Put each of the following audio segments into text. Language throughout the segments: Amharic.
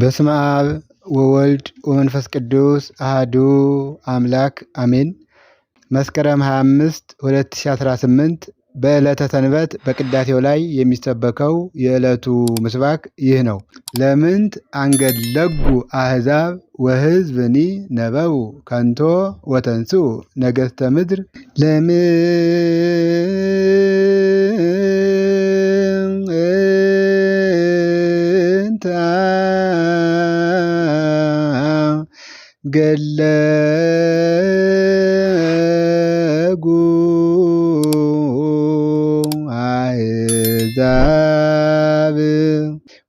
በስመ አብ ወወልድ ወመንፈስ ቅዱስ አህዱ አምላክ አሜን። መስከረም 25 2018 በዕለተ ሰንበት በቅዳሴው ላይ የሚሰበከው የዕለቱ ምስባክ ይህ ነው። ለምንት ለጉ አህዛብ ወህዝብኒ ነበው ከንቶ ወተንሱ ነገሥተ ምድር ለምን قال لا عذاب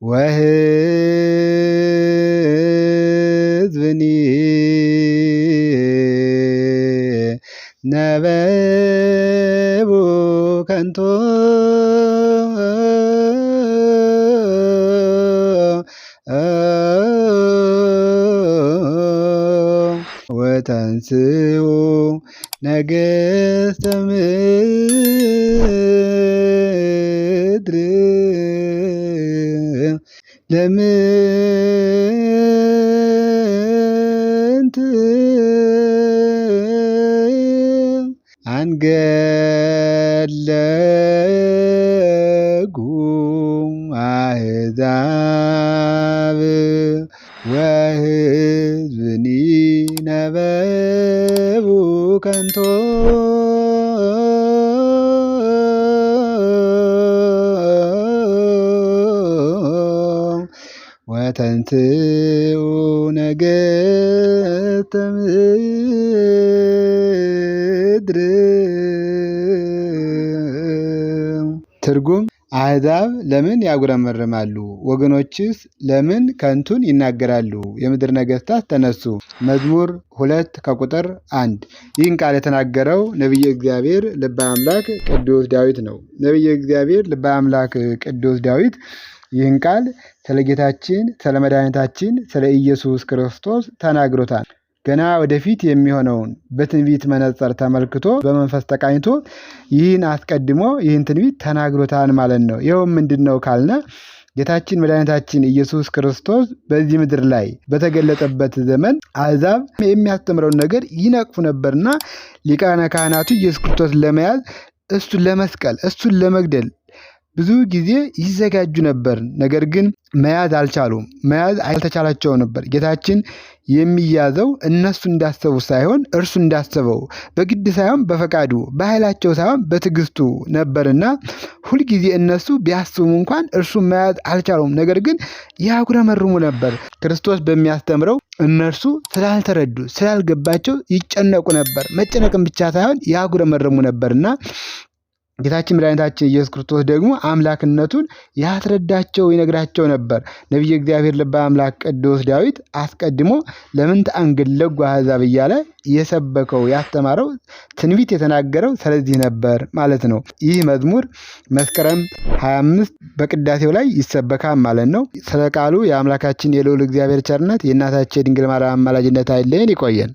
وهذبني نبابك أنتم ወተንስኡ ነገስተ ምድር ለምንት አንገለጉ አሕዛብ ስቡ ከንቶ ወተንትኡ ነገተ ምድር ትርጉም አሕዛብ ለምን ያጉረመርማሉ? ወገኖችስ ለምን ከንቱን ይናገራሉ? የምድር ነገሥታት ተነሱ። መዝሙር ሁለት ከቁጥር አንድ ይህን ቃል የተናገረው ነቢየ እግዚአብሔር ልበ አምላክ ቅዱስ ዳዊት ነው። ነቢየ እግዚአብሔር ልበ አምላክ ቅዱስ ዳዊት ይህን ቃል ስለ ጌታችን ስለ መድኃኒታችን ስለ ኢየሱስ ክርስቶስ ተናግሮታል። ገና ወደፊት የሚሆነውን በትንቢት መነጽር ተመልክቶ በመንፈስ ተቃኝቶ ይህን አስቀድሞ ይህን ትንቢት ተናግሮታል ማለት ነው። ይኸውም ምንድን ነው ካልነ ጌታችን መድኃኒታችን ኢየሱስ ክርስቶስ በዚህ ምድር ላይ በተገለጠበት ዘመን አሕዛብ የሚያስተምረውን ነገር ይነቅፉ ነበርና ሊቃነ ካህናቱ ኢየሱስ ክርስቶስ ለመያዝ እሱን ለመስቀል እሱን ለመግደል ብዙ ጊዜ ይዘጋጁ ነበር፣ ነገር ግን መያዝ አልቻሉም። መያዝ አልተቻላቸው ነበር። ጌታችን የሚያዘው እነሱ እንዳሰቡ ሳይሆን እርሱ እንዳሰበው በግድ ሳይሆን በፈቃዱ በኃይላቸው ሳይሆን በትዕግስቱ ነበርና ሁልጊዜ እነሱ ቢያስቡም እንኳን እርሱ መያዝ አልቻሉም። ነገር ግን ያጉረመርሙ ነበር። ክርስቶስ በሚያስተምረው እነርሱ ስላልተረዱ ስላልገባቸው ይጨነቁ ነበር። መጨነቅም ብቻ ሳይሆን ያጉረመርሙ ነበርና ጌታችን መድኃኒታችን ኢየሱስ ክርስቶስ ደግሞ አምላክነቱን ያስረዳቸው ይነግራቸው ነበር። ነቢየ እግዚአብሔር ልበ አምላክ ቅዱስ ዳዊት አስቀድሞ ለምንተ አንግለጉ አሕዛብ እያለ የሰበከው ያስተማረው ትንቢት የተናገረው ስለዚህ ነበር ማለት ነው። ይህ መዝሙር መስከረም 25 በቅዳሴው ላይ ይሰበካል ማለት ነው። ስለ ቃሉ የአምላካችን የልዑል እግዚአብሔር ቸርነት የእናታችን የድንግል ማርያም አማላጅነት አይለየን። ይቆየን።